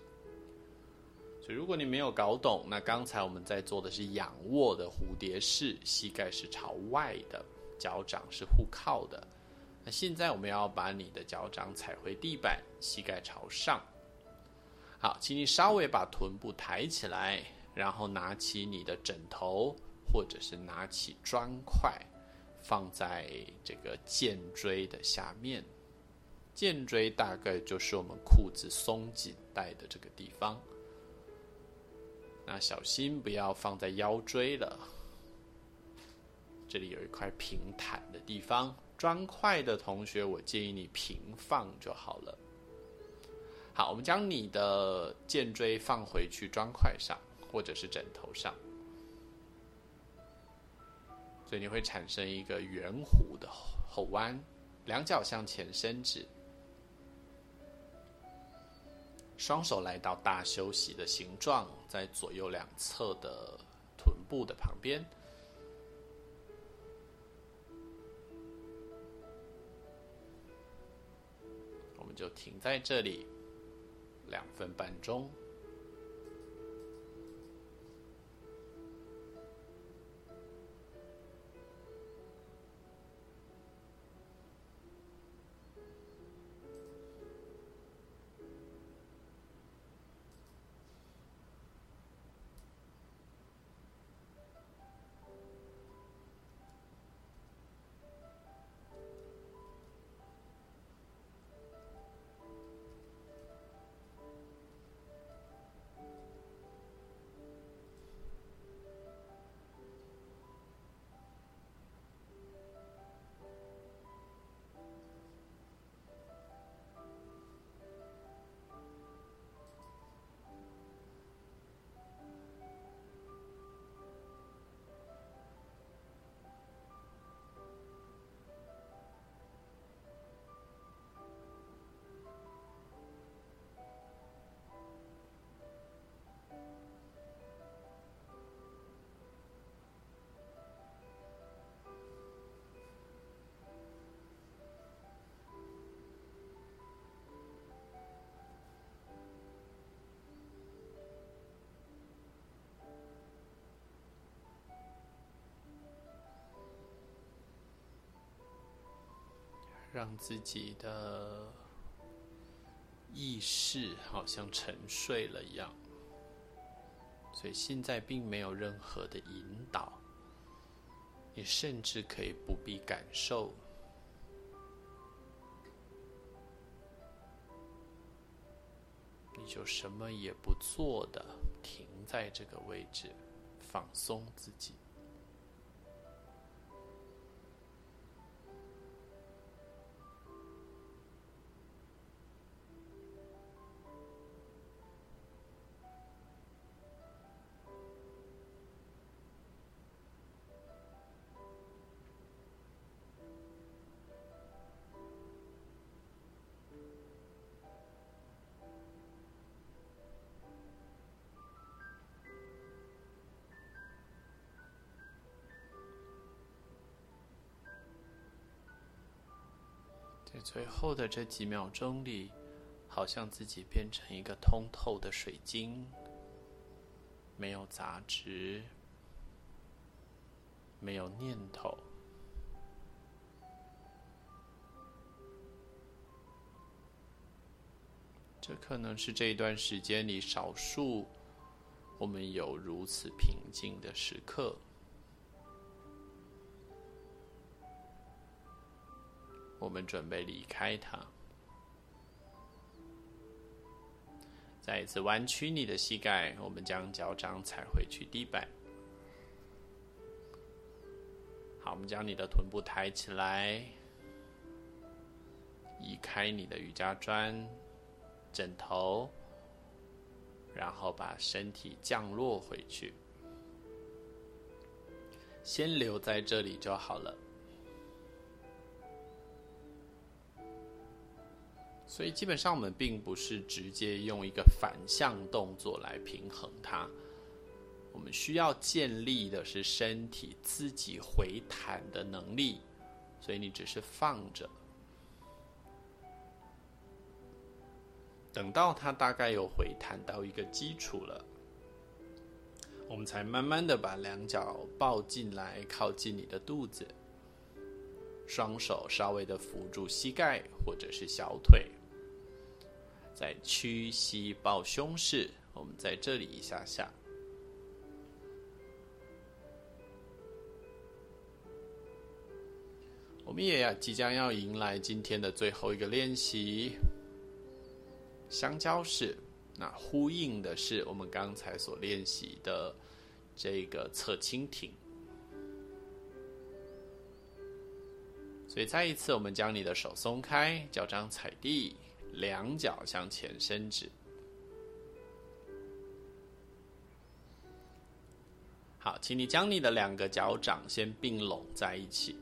所以如果你沒有搞懂，那剛才我們在做的是仰臥的蝴蝶式，膝蓋是朝外的，腳掌是互靠的。那現在我們要把你的腳掌踩回地板，膝蓋朝上。好，請你稍微把臀部抬起來，然後拿起你的枕頭或者是拿起磚塊，放在這個薦椎的下面。薦椎大概就是我們褲子鬆緊帶的這個地方。那小心不要放在腰椎了，這裡有一塊平坦的地方。磚塊的同學，我建議你平放就好了。好，我們將你的頸椎放回去磚塊上，或者是枕頭上，所以你會產生一個圓弧的後彎。兩腳向前伸直，雙手來到大休息的形狀，在左右兩側的臀部的旁邊。就停在這裡，兩分半鐘。讓自己的意識好像沉睡了一樣，所以現在並沒有任何的引導，你甚至可以不必感受，你就什麼也不做的停在這個位置，放鬆自己。最後的這幾秒鐘裡，好像自己變成一個通透的水晶，沒有雜質，沒有念頭。這可能是這一段時間裡少數我們有如此平靜的時刻。我們準備離開它。再一次彎曲你的膝蓋，我們將腳掌踩回去地板。好，我們將你的臀部抬起來，移開你的瑜伽磚、枕頭，然後把身體降落回去。先留在這裡就好了。所以基本上我們並不是直接用一個反向動作來平衡它，我們需要建立的是身體自己回彈的能力。所以你只是放着，等到它大概有回彈到一個基礎了，我們才慢慢的把兩腳抱進來，靠近你的肚子。雙手稍微的扶住膝蓋或者是小腿，在屈膝抱胸式，我們在這裡一下下。我們也要、啊、即將要迎來今天的最後一個練習——香蕉式。那呼應的是我們剛才所練習的這個側蜻蜓。所以，再一次，我們將你的手鬆開，腳掌踩地，兩腳向前伸直。好，請你將你的兩個腳掌先併攏在一起。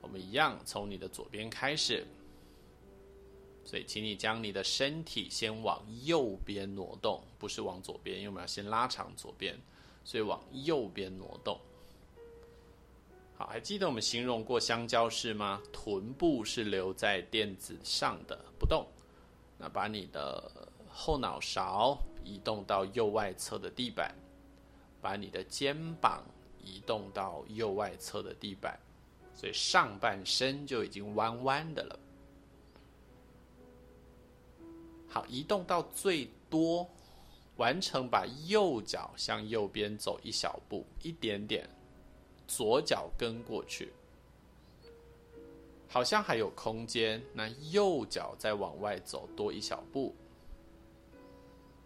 我們一樣從你的左邊開始。所以，請你將你的身體先往右邊挪動，不是往左邊，因為我們要先拉長左邊。所以往右邊挪動。好，還記得我們形容過香蕉式嗎？臀部是留在墊子上的不動，那把你的後腦勺移動到右外側的地板，把你的肩膀移動到右外側的地板，所以上半身就已經彎彎的了。好，移動到最多。完成，把右腳向右邊走一小步，一點點，左腳跟過去，好像還有空間。那右腳再往外走多一小步，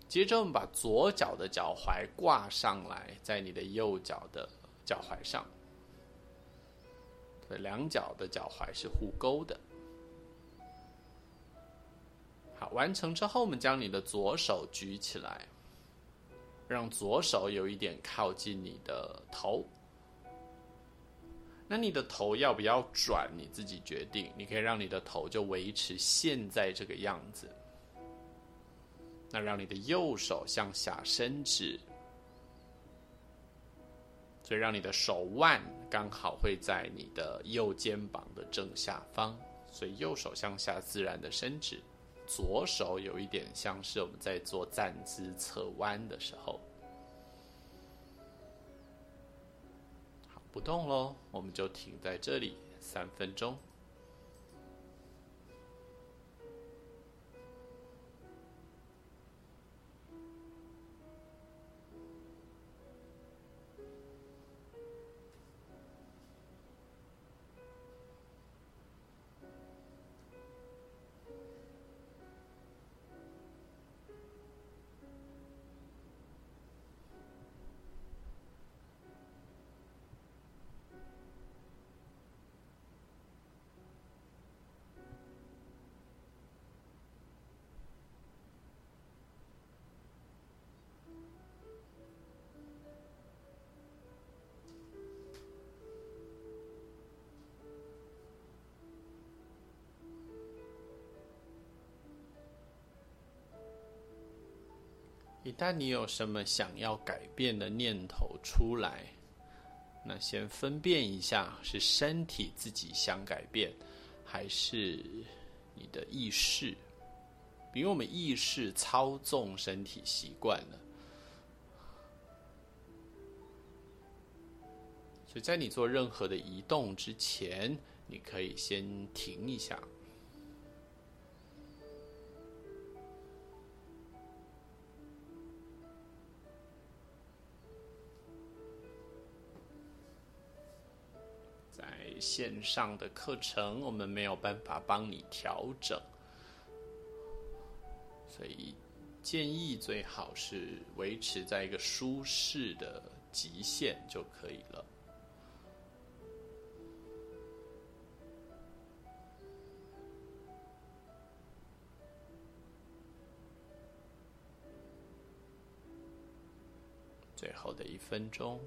接着我們把左腳的腳踝掛上來，在你的右腳的腳踝上，對，兩腳的腳踝是互勾的。好，完成之後，我們將你的左手舉起來。讓左手有一點靠近你的頭，那你的頭要不要轉？你自己決定。你可以讓你的頭就維持現在這個樣子。那讓你的右手向下伸直，所以讓你的手腕剛好會在你的右肩膀的正下方，所以右手向下自然的伸直。左手有一點像是我們在做站姿側彎的時候，好，不動咯，我們就停在這裡三分鐘。一旦你有什麼想要改變的念頭出來，那先分辨一下是身體自己想改變，還是你的意識。比如我們意識操縱身體習慣了，所以在你做任何的移動之前，你可以先停一下。線上的課程，我們沒有辦法幫你調整，所以建議最好是維持在一個舒適的極限就可以了。最後的一分鐘。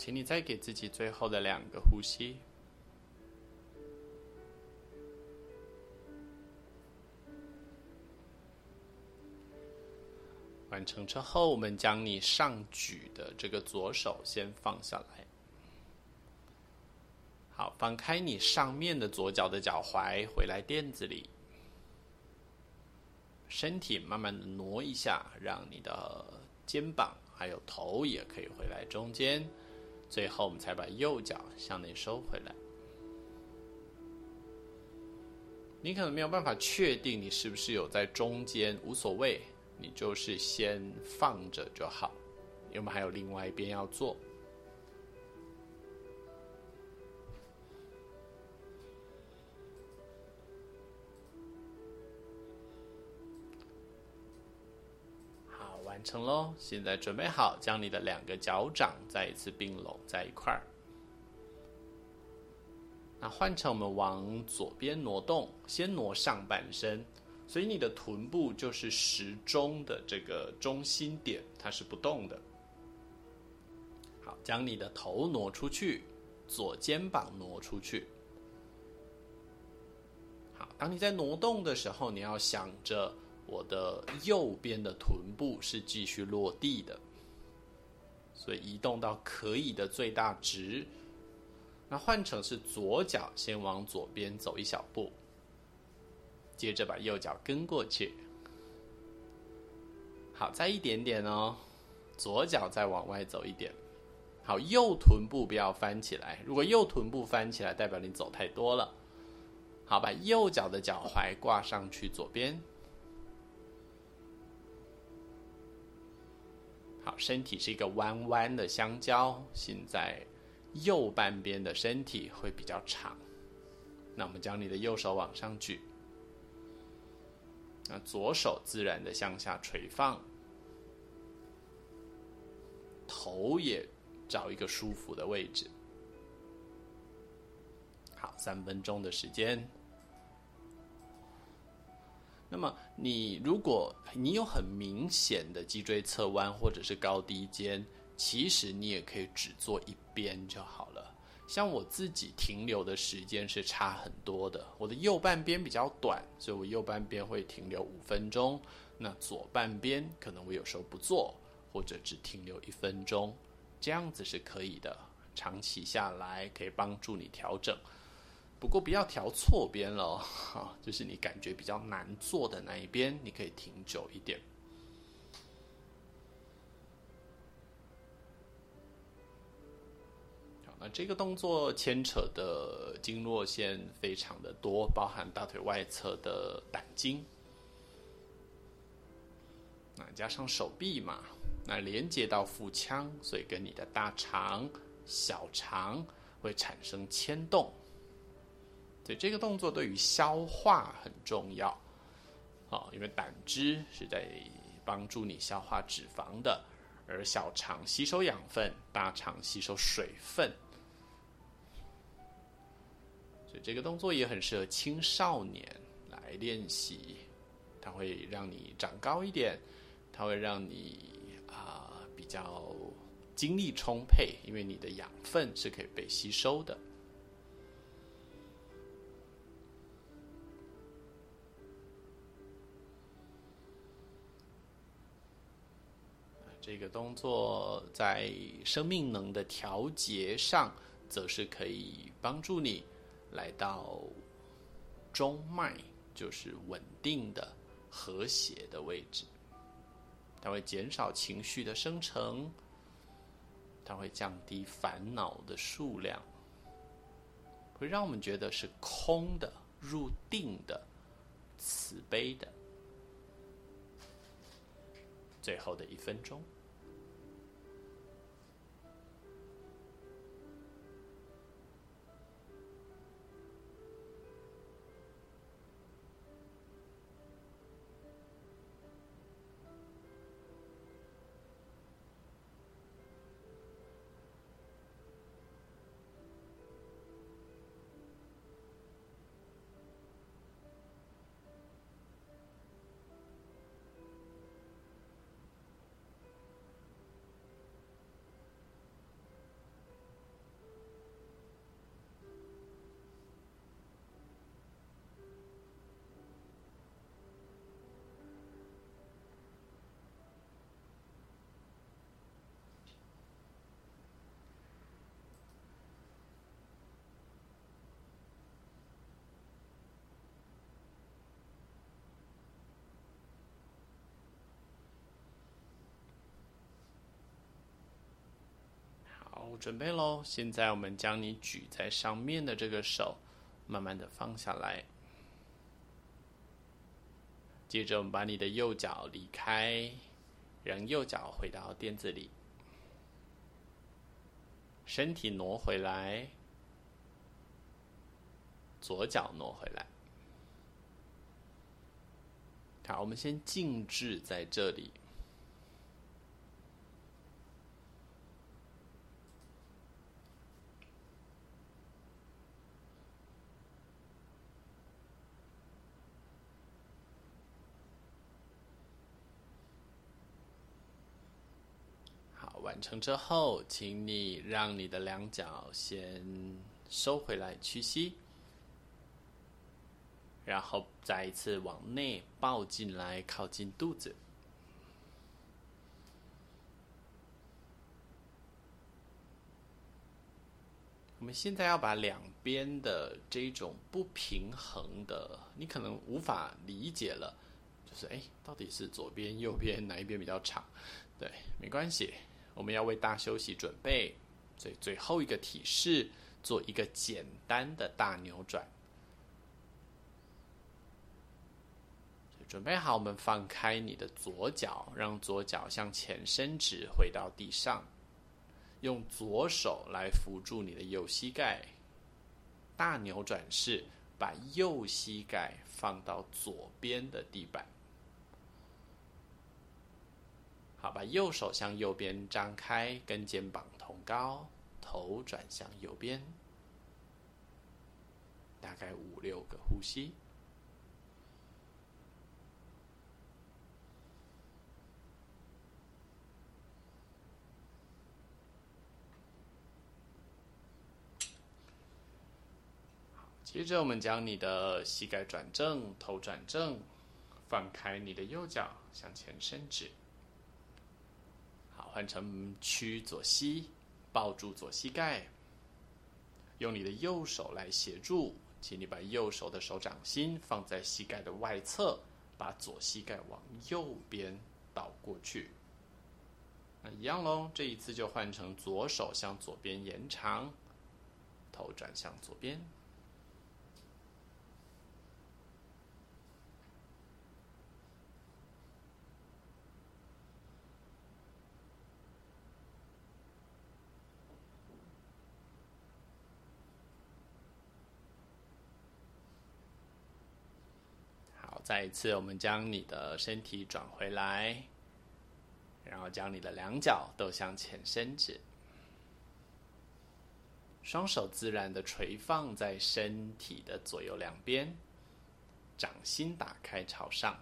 請你再給自己最後的兩個呼吸。完成之後，我們將你上舉的這個左手先放下來。好，放開你上面的左腳的腳踝，回來墊子裡。身體慢慢的挪一下，讓你的肩膀還有頭也可以回來中間。最後，我們才把右腳向內收回來。你可能沒有辦法確定你是不是有在中間，無所謂，你就是先放着就好。因為我們還有另外一邊要做。完成嘍！現在準備好，將你的兩個腳掌再一次併攏在一塊兒。那換成我們往左邊挪動，先挪上半身，所以你的臀部就是時鐘的這個中心點，它是不動的。好，將你的頭挪出去，左肩膀挪出去。好，當你在挪動的時候，你要想着。我的右邊的臀部是繼續落地的，所以移動到可以的最大值。那換成是左腳先往左邊走一小步，接着把右腳跟過去。好，再一點點哦，左腳再往外走一點。好，右臀部不要翻起來，如果右臀部翻起來，代表你走太多了。好，把右腳的腳踝掛上去左邊。身體是一個彎彎的香蕉，現在右半邊的身體會比較長。那我們將你的右手往上舉，那左手自然的向下垂放，頭也找一個舒服的位置。好，三分鐘的時間。那麼你如果你有很明顯的脊椎側彎或者是高低肩，其實你也可以只做一邊就好了。像我自己停留的時間是差很多的，我的右半邊比較短，所以我右半邊會停留五分鐘。那左半邊可能我有時候不做，或者只停留一分鐘，這樣子是可以的。長期下來可以幫助你調整。不過不要調錯邊了，哈，就是你感覺比較難做的那一邊，你可以停久一點。那這個動作牽扯的經絡線非常的多，包含大腿外側的膽經，那加上手臂嘛，那連接到腹腔，所以跟你的大腸、小腸會產生牽動。所以這個動作對於消化很重要，好，因為膽汁是在幫助你消化脂肪的，而小腸吸收養分，大腸吸收水分。所以這個動作也很適合青少年來練習，它會讓你長高一點，它會讓你啊，呃，比較精力充沛，因為你的養分是可以被吸收的。這個動作在生命能的調節上，則是可以幫助你來到中脈，就是穩定的、和諧的位置。它會減少情緒的生成，它會降低煩惱的數量，會讓我們覺得是空的、入定的、慈悲的。最後的一分鐘。準備咯現在我們將你舉在上面的這個手，慢慢的放下來。接着，我們把你的右腳離開，讓右腳回到墊子裡，身體挪回來，左腳挪回來。好，我們先靜止在這裡。乘車後，請你讓你的兩腳先收回來，屈膝，然後再一次往內抱進來，靠近肚子。我們現在要把兩邊的這種不平衡的，你可能無法理解了，就是哎，到底是左邊、右邊哪一邊比較長？對，沒關係。我們要為大休息準備，最最後一個體式做一個簡單的大扭轉。準備好，我們放開你的左腳，讓左腳向前伸直回到地上，用左手來扶住你的右膝蓋。大扭轉式，把右膝蓋放到左邊的地板。好，把右手向右邊張開，跟肩膀同高，頭轉向右邊，大概五六個呼吸。好，接着我們將你的膝蓋轉正，頭轉正，放開你的右腳向前伸直。換成曲左膝，抱住左膝蓋。用你的右手來協助，請你把右手的手掌心放在膝蓋的外側，把左膝蓋往右邊倒過去。那一樣嘍，這一次就換成左手向左邊延長，頭轉向左邊。再一次，我們將你的身體轉回來，然後將你的兩腳都向前伸直，雙手自然的垂放在身體的左右兩邊，掌心打開朝上。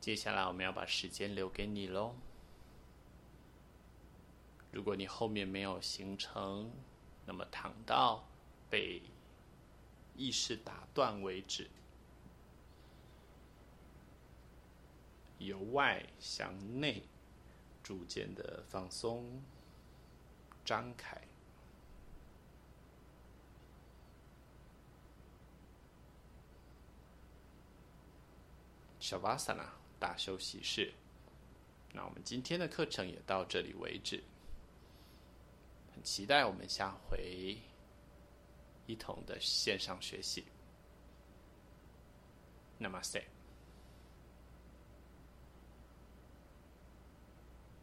接下來我們要把時間留給你嘍。如果你後面沒有行程，那麼躺到被意識打斷為止，由外向內逐漸的放鬆、張開，Shavasana。大休息室，那我們今天的課程也到這裡為止。很期待我們下回一同的線上學習。Namaste。